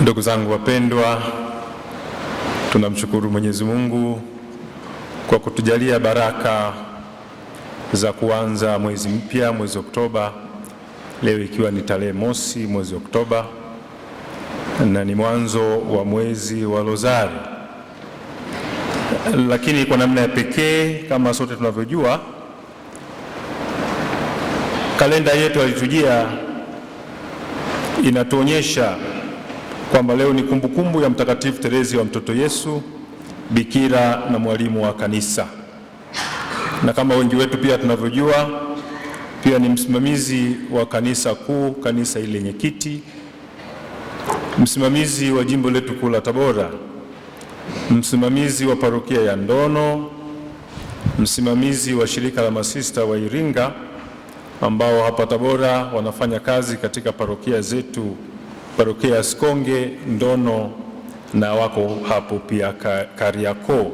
Ndugu zangu wapendwa, tunamshukuru Mwenyezi Mungu kwa kutujalia baraka za kuanza mwezi mpya, mwezi Oktoba, leo ikiwa ni tarehe mosi mwezi Oktoba, na ni mwanzo wa mwezi wa Rozari. Lakini kwa namna ya pekee, kama sote tunavyojua, kalenda yetu alitujia inatuonyesha kwamba leo ni kumbukumbu kumbu ya Mtakatifu Terezi wa mtoto Yesu, bikira na mwalimu wa kanisa, na kama wengi wetu pia tunavyojua, pia ni msimamizi wa kanisa kuu, kanisa ile lenye kiti, msimamizi wa jimbo letu kuu la Tabora, msimamizi wa parokia ya Ndono, msimamizi wa shirika la masista wa Iringa ambao hapa Tabora wanafanya kazi katika parokia zetu parokia ya Sikonge, Ndono na wako hapo pia Kariakoo.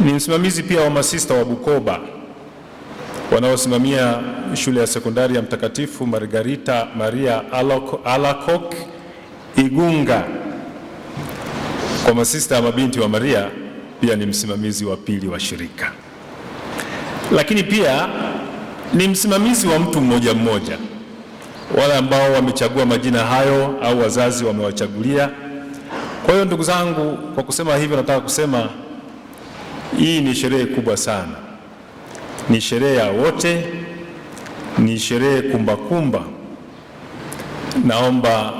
Ni msimamizi pia wa masista wa Bukoba wanaosimamia shule ya sekondari ya Mtakatifu Margarita Maria Alacoque Igunga. Kwa masista ya mabinti wa Maria pia ni msimamizi wa pili wa shirika, lakini pia ni msimamizi wa mtu mmoja mmoja wale ambao wamechagua majina hayo au wazazi wamewachagulia. Kwa hiyo ndugu zangu, kwa kusema hivyo, nataka kusema hii ni sherehe kubwa sana, ni sherehe ya wote, ni sherehe kumbakumba. Naomba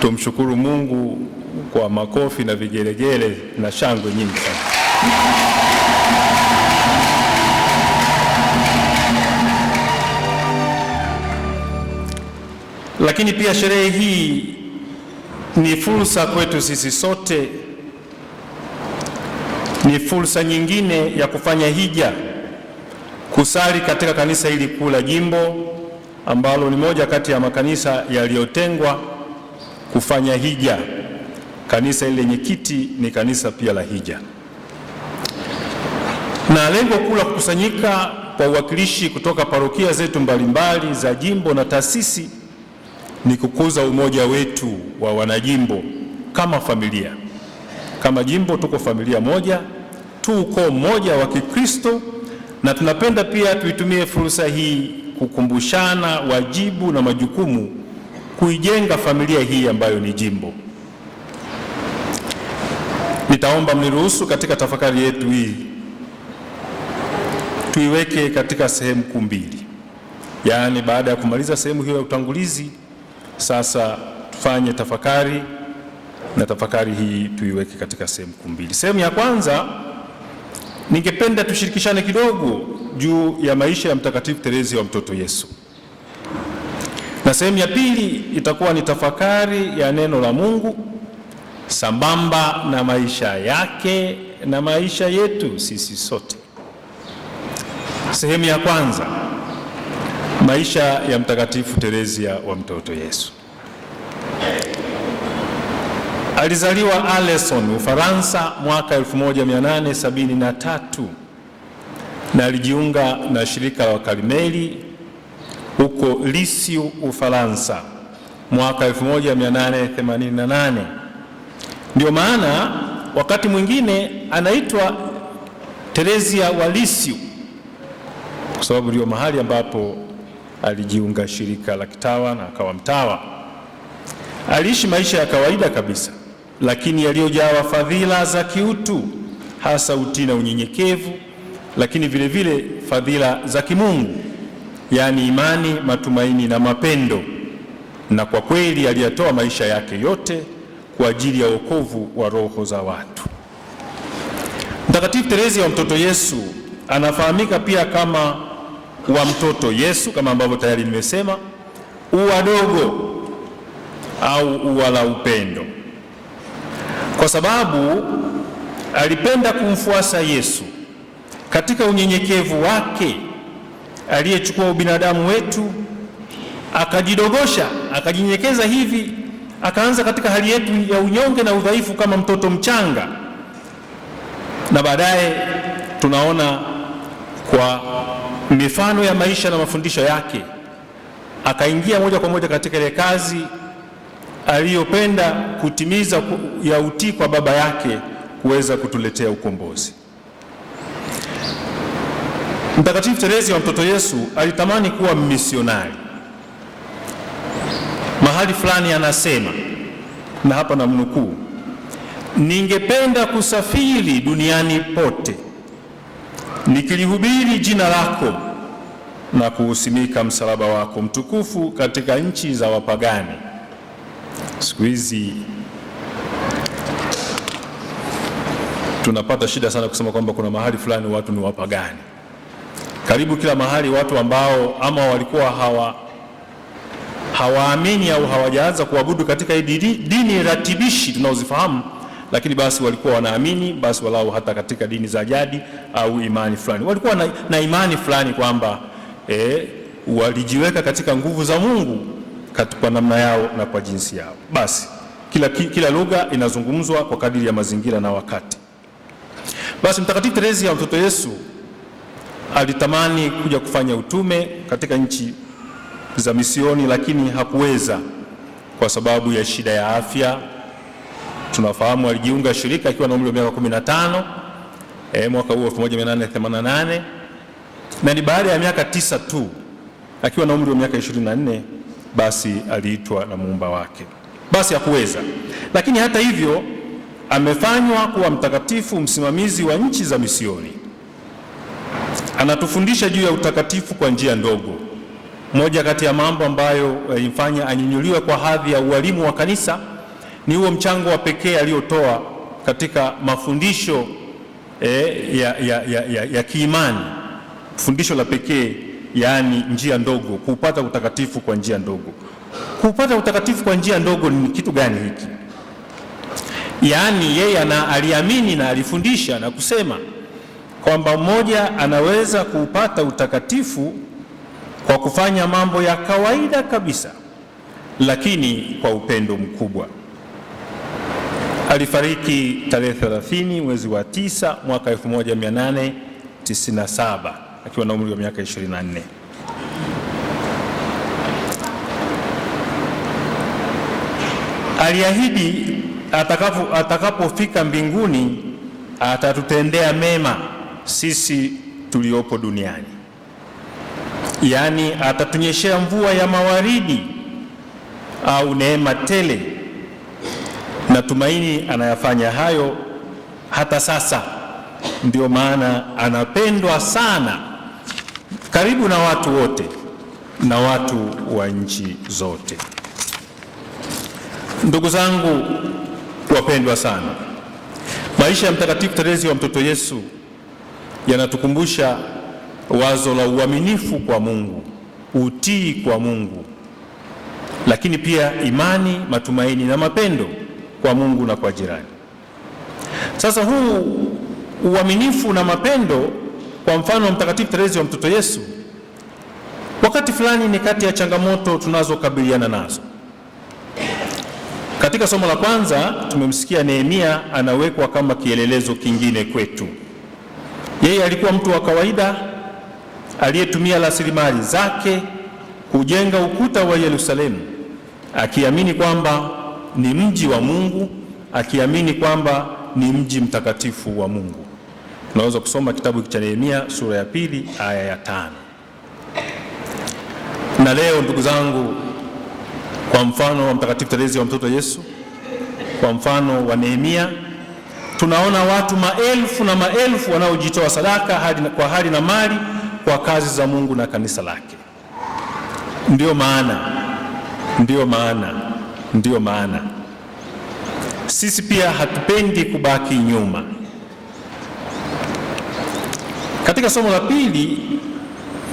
tumshukuru Mungu kwa makofi na vigelegele na shangwe nyingi sana. Lakini pia sherehe hii ni fursa kwetu sisi sote, ni fursa nyingine ya kufanya hija, kusali katika kanisa hili kuu la jimbo ambalo ni moja kati ya makanisa yaliyotengwa kufanya hija. Kanisa hili lenye kiti ni kanisa pia la hija, na lengo kuu la kukusanyika kwa uwakilishi kutoka parokia zetu mbalimbali za jimbo na taasisi ni kukuza umoja wetu wa wanajimbo kama familia. Kama jimbo tuko familia moja, tu ukoo mmoja wa Kikristo, na tunapenda pia tuitumie fursa hii kukumbushana wajibu na majukumu kuijenga familia hii ambayo ni jimbo. Nitaomba mniruhusu katika tafakari yetu hii tuiweke katika sehemu kuu mbili, yaani baada ya kumaliza sehemu hiyo ya utangulizi sasa tufanye tafakari na tafakari hii tuiweke katika sehemu kuu mbili. Sehemu ya kwanza, ningependa tushirikishane kidogo juu ya maisha ya Mtakatifu Terezi wa Mtoto Yesu, na sehemu ya pili itakuwa ni tafakari ya neno la Mungu sambamba na maisha yake na maisha yetu sisi sote. Sehemu ya kwanza maisha ya Mtakatifu Terezia wa mtoto Yesu. Alizaliwa Aleson, Ufaransa mwaka 1873 na alijiunga na shirika la Karmeli huko Lisiu, Ufaransa mwaka 1888. Ndio maana wakati mwingine anaitwa Terezia wa Lisiu kwa sababu ndio mahali ambapo alijiunga shirika la kitawa na akawa mtawa. Aliishi maisha ya kawaida kabisa, lakini yaliyojawa fadhila za kiutu, hasa utii na unyenyekevu, lakini vile vile fadhila za kimungu, yaani imani, matumaini na mapendo. Na kwa kweli aliyatoa maisha yake yote kwa ajili ya wokovu wa roho za watu. Mtakatifu teresia wa mtoto Yesu anafahamika pia kama wa mtoto Yesu kama ambavyo tayari nimesema, ua dogo au ua la upendo, kwa sababu alipenda kumfuasa Yesu katika unyenyekevu wake, aliyechukua ubinadamu wetu akajidogosha, akajinyenyekeza hivi, akaanza katika hali yetu ya unyonge na udhaifu kama mtoto mchanga, na baadaye tunaona kwa mifano ya maisha na mafundisho yake, akaingia moja kwa moja katika ile kazi aliyopenda kutimiza ya utii kwa baba yake kuweza kutuletea ukombozi. Mtakatifu Teresi wa mtoto Yesu alitamani kuwa misionari. Mahali fulani anasema, na hapa namnukuu, ningependa kusafiri duniani pote nikilihubiri jina lako na kuusimika msalaba wako mtukufu katika nchi za wapagani. Siku hizi tunapata shida sana kusema kwamba kuna mahali fulani watu ni wapagani. Karibu kila mahali watu ambao ama walikuwa hawa hawaamini au hawajaanza kuabudu katika hii dini ratibishi tunaozifahamu lakini basi walikuwa wanaamini basi walau hata katika dini za jadi au imani fulani, walikuwa na, na imani fulani kwamba e, walijiweka katika nguvu za Mungu kwa namna yao na kwa jinsi yao. Basi kila, kila lugha inazungumzwa kwa kadiri ya mazingira na wakati. Basi Mtakatifu Teresa ya mtoto Yesu alitamani kuja kufanya utume katika nchi za misioni, lakini hakuweza kwa sababu ya shida ya afya tunafahamu alijiunga shirika akiwa na umri wa miaka 15 eh, mwaka huo 1888 na ni baada ya miaka tisa tu akiwa na umri wa miaka 24 basi aliitwa na muumba wake, basi hakuweza. Lakini hata hivyo amefanywa kuwa mtakatifu msimamizi wa nchi za misioni. Anatufundisha juu ya utakatifu kwa njia ndogo. Moja kati ya mambo ambayo ilimfanya eh, anyunyuliwe kwa hadhi ya ualimu wa kanisa ni huo mchango wa pekee aliotoa katika mafundisho eh, ya, ya, ya, ya, ya kiimani, fundisho la pekee yaani njia ndogo, kuupata utakatifu kwa njia ndogo. Kuupata utakatifu kwa njia ndogo ni kitu gani hiki? Yaani yeye aliamini na alifundisha na kusema kwamba mmoja anaweza kuupata utakatifu kwa kufanya mambo ya kawaida kabisa, lakini kwa upendo mkubwa. Alifariki tarehe 30 mwezi wa 9 mwaka 1897 akiwa na umri wa miaka 24. Aliahidi atakapo atakapofika mbinguni atatutendea mema sisi tuliopo duniani, yaani atatunyeshea mvua ya mawaridi au neema tele Natumaini anayafanya hayo hata sasa, ndio maana anapendwa sana karibu na watu wote na watu wa nchi zote. Ndugu zangu wapendwa sana, maisha ya Mtakatifu Terezi wa Mtoto Yesu yanatukumbusha wazo la uaminifu kwa Mungu, utii kwa Mungu, lakini pia imani, matumaini na mapendo kwa Mungu na kwa jirani. Sasa huu uaminifu na mapendo, kwa mfano wa Mtakatifu terezi wa mtoto Yesu, wakati fulani ni kati ya changamoto tunazokabiliana nazo. Katika somo la kwanza tumemsikia Nehemia anawekwa kama kielelezo kingine kwetu. Yeye alikuwa mtu wa kawaida aliyetumia rasilimali zake kujenga ukuta wa Yerusalemu akiamini kwamba ni mji wa Mungu, akiamini kwamba ni mji mtakatifu wa Mungu. Tunaweza kusoma kitabu cha Nehemia sura ya pili aya ya tano. Na leo ndugu zangu, kwa mfano wa Mtakatifu Terezi wa mtoto Yesu, kwa mfano wa Nehemia, tunaona watu maelfu na maelfu wanaojitoa sadaka hadi kwa hali na mali kwa kazi za Mungu na kanisa lake. Ndiyo maana ndiyo maana Ndiyo maana sisi pia hatupendi kubaki nyuma. Katika somo la pili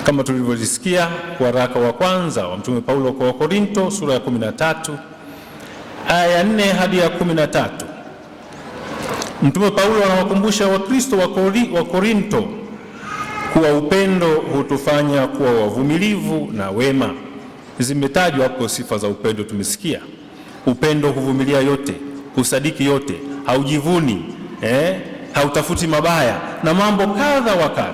kama tulivyolisikia, waraka wa kwanza wa Mtume Paulo kwa Wakorinto sura ya 13 aya ya 4 hadi ya 13, Mtume Paulo anawakumbusha Wakristo wa Korinto kuwa upendo hutufanya kuwa wavumilivu na wema. Zimetajwa hapo sifa za upendo, tumesikia upendo huvumilia yote, husadiki yote, haujivuni eh, hautafuti mabaya na mambo kadha wa kadha.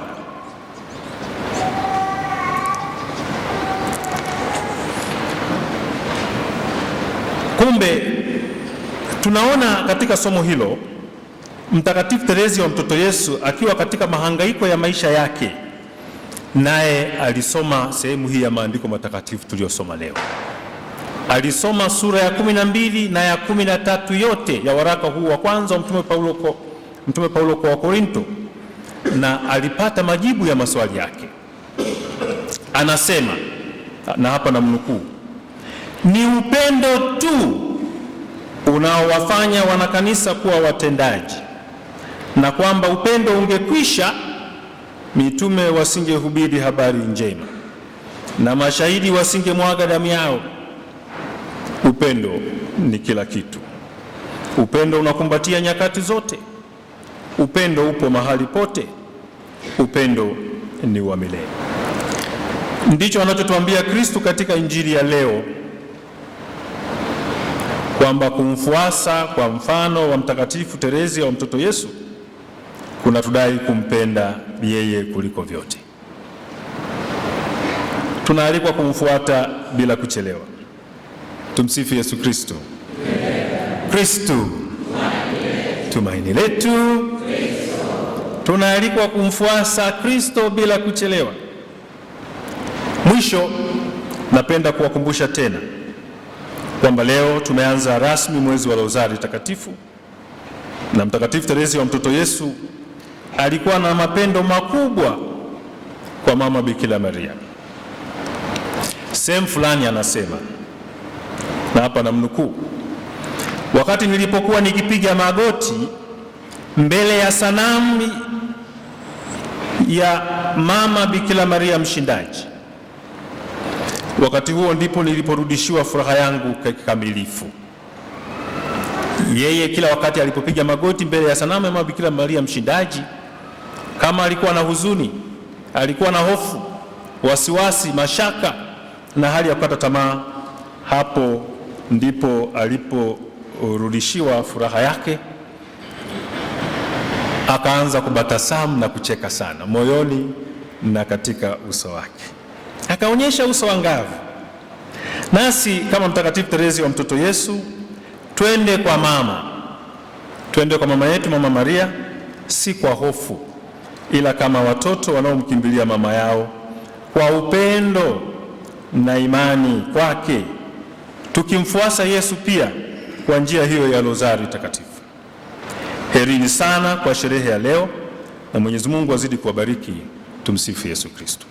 Kumbe tunaona katika somo hilo Mtakatifu terezi wa mtoto Yesu akiwa katika mahangaiko ya maisha yake, naye alisoma sehemu hii ya maandiko matakatifu tuliyosoma leo alisoma sura ya kumi na mbili na ya kumi na tatu yote ya waraka huu wa kwanza mtume Paulo kwa, mtume Paulo kwa Wakorinto na alipata majibu ya maswali yake. Anasema na hapa namnukuu, ni upendo tu unaowafanya wanakanisa kuwa watendaji, na kwamba upendo ungekwisha, mitume wasingehubiri habari njema na mashahidi wasingemwaga damu yao Upendo ni kila kitu. Upendo unakumbatia nyakati zote. Upendo upo mahali pote. Upendo ni wa milele. Ndicho anachotuambia Kristo katika injili ya leo kwamba kumfuasa kwa mfano wa Mtakatifu terezi wa mtoto Yesu kuna tudai kumpenda yeye kuliko vyote. Tunaalikwa kumfuata bila kuchelewa. Tumsifu Yesu Kristo. Kristo tumaini letu. Tunaalikwa kumfuasa Kristo bila kuchelewa. Mwisho, napenda kuwakumbusha tena kwamba leo tumeanza rasmi mwezi wa Rozari Takatifu, na Mtakatifu Teresi wa Mtoto Yesu alikuwa na mapendo makubwa kwa mama Bikira Maria. Sehemu fulani anasema hapa namnukuu: wakati nilipokuwa nikipiga magoti mbele ya sanamu ya mama Bikira Maria mshindaji, wakati huo ndipo niliporudishiwa furaha yangu kikamilifu. Yeye kila wakati alipopiga magoti mbele ya sanamu ya mama Bikira Maria mshindaji, kama alikuwa na huzuni, alikuwa na hofu, wasiwasi, mashaka na hali ya kukata tamaa, hapo ndipo aliporudishiwa furaha yake, akaanza kubatasamu na kucheka sana moyoni na katika uso wake, akaonyesha uso angavu. Nasi kama Mtakatifu Terezi wa mtoto Yesu, twende kwa mama, twende kwa mama yetu, Mama Maria, si kwa hofu, ila kama watoto wanaomkimbilia mama yao kwa upendo na imani kwake tukimfuasa Yesu pia kwa njia hiyo ya rozari takatifu. Herini sana kwa sherehe ya leo, na Mwenyezi Mungu azidi kuwabariki. Tumsifu Yesu Kristo.